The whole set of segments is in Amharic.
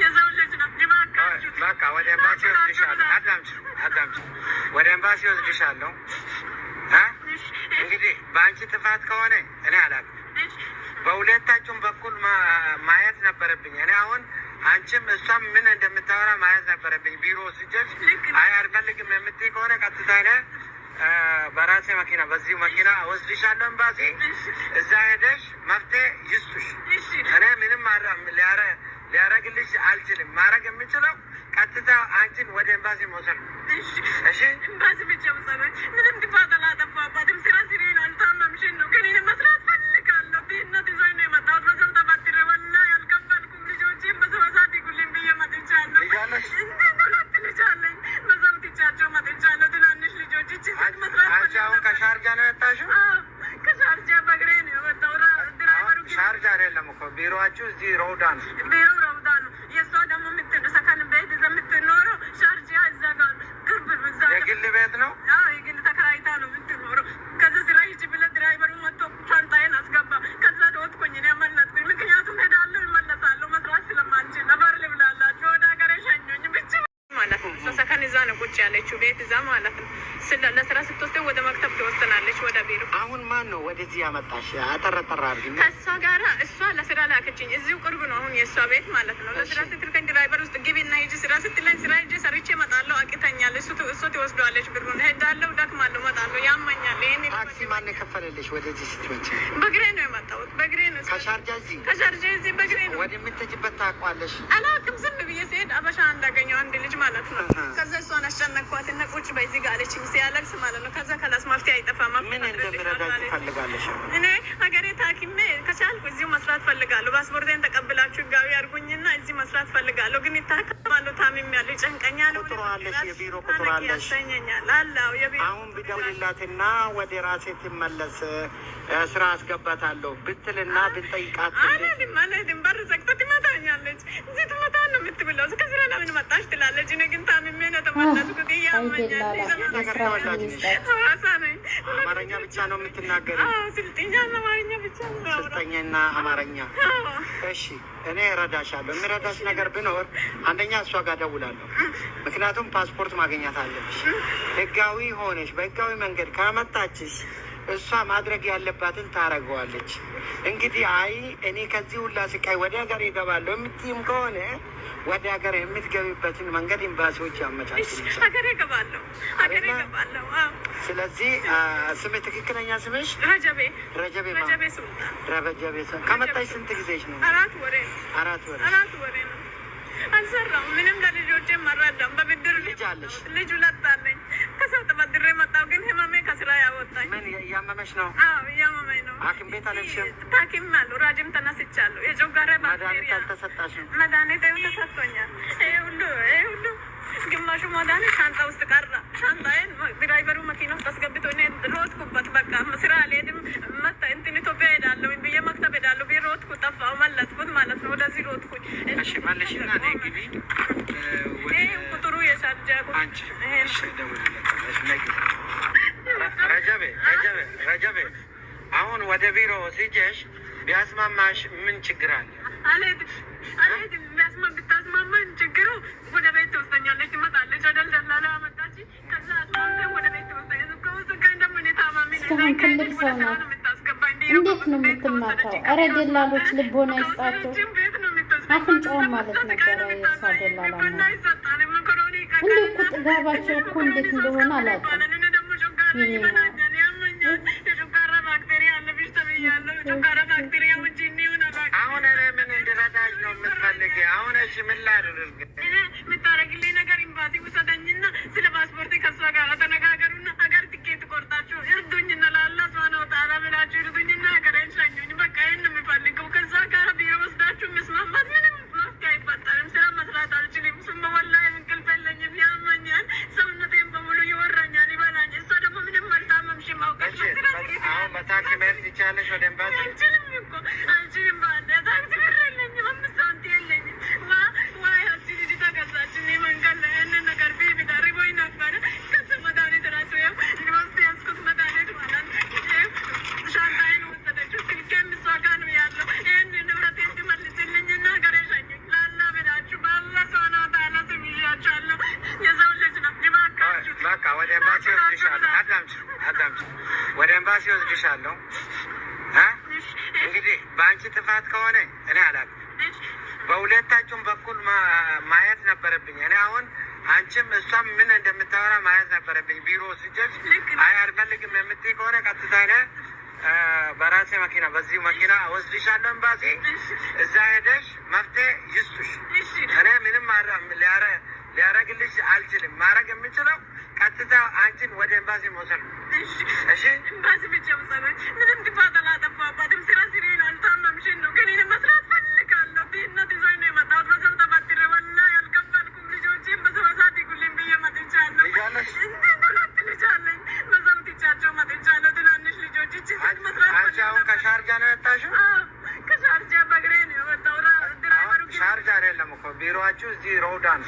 የሰው ልጅ ነው። በቃ ወደ ኤምባሲ ወስድሻለሁ። አዳምጪ አዳምጪ፣ ወደ ኤምባሲ ወስድሻለሁ። እንግዲህ በአንቺ ጥፋት ከሆነ እኔ አላውቅም። በሁለታችሁም በኩል ማየት ነበረብኝ። እኔ አሁን አንቺም እሷም ምን እንደምታወራ ማየት ነበረብኝ። ቢሮ ስጀት አይ አልፈልግም የምትይ ከሆነ ቀጥታ እኔ በራሴ መኪና በዚሁ መኪና ወስድሻለሁ ኤምባሲ። እዛ ሄደሽ መፍትሄ ይስጡሽ። እኔ ምንም ሊያረ ሊያረግልሽ አልችልም። ማድረግ የምችለው ቀጥታ አንቺን ወደ ኤምባሲ መውሰድ ነው። እሺ ኤምባሲ ብቻ መሰረት ምንም ጥፋት አላጠፋባትም። ስራ ስሬን አልታመምሽን ነው ግን ይህን መስራት ፈልጋለሁ። ድህነት ይዞኝ ነው የመጣሁት። በሰው ተባትሬ ወላ ያልከፈልኩም ልጆቼን በሰው አሳድጉልኝ ብዬ መጥቻለሁ። ሁለት ልጅ አለኝ። በሰው ትቻቸው መጥቻለሁ። ትናንሽ ልጆች እች ስት መስራት ፈልጋለሁ። ከሻርጃ ነው የመጣሽው? ከሻርጃ በእግሬ ነው የመጣሁት። ድራይቨሩ ሻርጃ አይደለም እኮ ቢሮዋችሁ እዚህ ሮዳን ቢሮ pessoa dá uma ቁጭ ያለችው ቤት እዛ ማለት ነው። ለስራ ስትወስደው ወደ መክተብ ትወስናለች፣ ወደ ቢሮ። አሁን ማን ነው ወደዚህ ያመጣሽ? አጠረጠራ አድርጊ። ከእሷ ጋር እሷ ለስራ ላከችኝ። እዚሁ ቅርብ ነው አሁን የእሷ ቤት ማለት ነው። ለስራ ስትልከኝ ድራይቨር ውስጥ ግቢና ሂጂ ስራ ስትለኝ ስራ ሂጂ ሰርቼ እመጣለሁ። አቅተኛል። እሱ ትወስደዋለች ብሩን። እሄዳለሁ፣ ደክማለሁ፣ እመጣለሁ፣ ያመኛል። ይሄን ታክሲ ማን የከፈለልሽ ወደዚህ ስትመጪ? በግሬ ነው የመጣሁት። በግሬ ነው ከሻርጃ እዚህ ከሻርጃ እዚህ በግሬ ነው። ወደ ወደምትሄጂበት ታውቃለሽ? አላውቅም። ዝም ብዬ ስሄድ አበሻ እንዳገኘው አንድ ልጅ ማለት ነው። ከዛ እሷ ነሽ አስጨነቅኳትና ቁጭ በይ እዚህ ጋር አለችኝ። ሲያለቅስ ማለት ነው። ከዛ ከላስ ማፍቴ አይጠፋም። ምን እንደምረዳጅ ፈልጋለሽ? እኔ ሀገሬ ታኪሜ ከቻልኩ እዚሁ መስራት ፈልጋለሁ። ፓስፖርቴን ተቀብላችሁ ህጋዊ አድርጉኝና እዚህ መስራት ፈልጋለሁ። ግን ይታከማለሁ፣ ታምሜያለሁ፣ ይጨንቀኛል። አለሽ? የቢሮ ቁጥሩ አለሽ? ያሰኘኛል። የቢሮ አሁን ብደውልላትና ወደ ራሴ ትመለስ ስራ አስገባታለሁ ብትልና ብንጠይቃት አላድም አላድም በር ዘግቶ ትመታኛለች። እዚህ ትመታ ነው የምትብለው። ከስራ ለምን መጣሽ ትላለች። እኔ ግን አይደላላ መስራት ሚኒስተር አማርኛ ብቻ ነው የምትናገረው? ስልጠኛ አማርኛ ብቻ ነው። ስልጠኛና አማርኛ። እሺ እኔ እረዳሻለሁ። የሚረዳሽ ነገር ብኖር አንደኛ እሷ ጋር ደውላለሁ። ምክንያቱም ፓስፖርት ማግኘት አለብሽ። ህጋዊ ሆነሽ በህጋዊ መንገድ ካመጣችሽ እሷ ማድረግ ያለባትን ታረገዋለች። እንግዲህ አይ እኔ ከዚህ ሁላ ስቃይ ወደ ሀገር ይገባለሁ የምትይም ከሆነ ወደ ሀገር የምትገቢበትን መንገድ ኤምባሲዎች ያመቻችልሻል። ስለዚህ ስሜ ትክክለኛ ስምሽ ረጀቤ ረጀቤ ረጀቤ ከመጣሽ ስንት ጊዜሽ ነው? አራት ወሬ አራት ወሬ አራት ወሬ ነው። አልሰራም ምንም ለልጆቼ መረዳም በብድር ልጅ አለሽ ልጅ ሁለት አለ ሰው ተበድሬ መጣሁ፣ ግን ህመሜ ከስራ ያወጣኝ። ምን እያመመሽ ነው? አዎ እያመመኝ ነው። ሐኪም ቤት አልሄድሽም? ታኪም አሉ ራጅም ተነስቻለሁ። የጨጓራ ባክቴሪያ አልተሰጣሽም? መድኃኒት ተሰጥቶኛል። ይሄ ሁሉ ይሄ ሁሉ ግማሹ መድኃኒት ሻንጣ ውስጥ ቀረ። ሻንጣዬን ድራይቨሩ መኪና ውስጥ አስገብቶ እኔ ሮጥኩበት። በቃ ስራ አልሄድም መጣ እንትን ኢትዮጵያ ሄዳለሁ ብዬ መክተብ ሄዳለሁ ብዬ ሮጥኩ። ጠፋሁ፣ መለጥኩት ማለት ነው። ወደዚህ ሮጥኩኝ። እሺ መልሽና እኔ ግቢ ቁጥሩ የሻጃ አንቺ ደውልለት ወደ ቢሮ ሲጀሽ ቢያስማማሽ ምን ችግር አለ? እስካሁን ትልቅ ሰው ነው። እንዴት ነው የምትማታው? እረ ደላሎች ልቦና ይስጣቸው። አፍንጫውን ማለት ነበረ የእሷ ደላላ ነው። እንዴ ቁጥ ጋባቸው እኮ እንዴት እንደሆነ አላውቅም። አሁን እኔ ምን ነው የምትፈልጊ? አሁን ምን ላድርግ? የምታደርግልኝ ነገር ኢምባሲ ውሰ ኤምባሲ ወስድሻለሁ። እንግዲህ በአንቺ ጥፋት ከሆነ እኔ አላት በሁለታችሁም በኩል ማየት ነበረብኝ። እኔ አሁን አንቺም እሷም ምን እንደምታወራ ማየት ነበረብኝ። ቢሮ ስጀች አይ አልፈልግም የምትይ ከሆነ ቀጥታ ነ በራሴ መኪና በዚህ መኪና ወስድሻለሁ ኤምባሲ። እዛ ሄደሽ መፍትሄ ይስጡሽ። እኔ ምንም አልችልም። ማድረግ የምችለው ቀጥታ አንቺን ወደ ኤምባሲ መውሰድ ነው። እሺ ኤምባሲ ብቻ መሰለ ምንም ጥፋት አላጠፋባትም። ስራ ስሪ ነው። አልታመምሽን ነው ግን ይህን መስራት ፈልጋለሁ። ብነት ይዞኝ ነው የመጣሁት። በሰው ተባትሬ ወላ ያልከፈልኩም ልጆችን በሰው አሳድጉልኝ ብዬ መጥቻለሁ። ሁለት ልጅ አለኝ። በሰው ትቻቸው መጥቻለሁ። ትናንሽ ልጆች እቺ ስት መስራት ፈልጋለሁ። ከሻርጃ ነው የመጣሽው? ከሻርጃ በእግሬ ነው የመጣሁት። ድራይቨሩ ሻርጃ አይደለም እኮ ቢሮችሁ እዚህ ሮዳ ነው።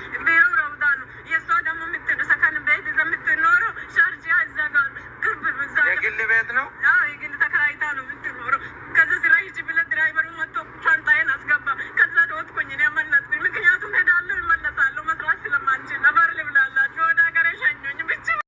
ይገባሉ። የእሷ ደግሞ ሰከን ቤት የምትኖሩ ሻርጃ እዛ ጋር ቅርብ የግል ቤት ነው የግል ተከራይታ ነው የምትኖሩ ከዚ ስራ ሂጂ ብለ ድራይቨሩ መጥቶ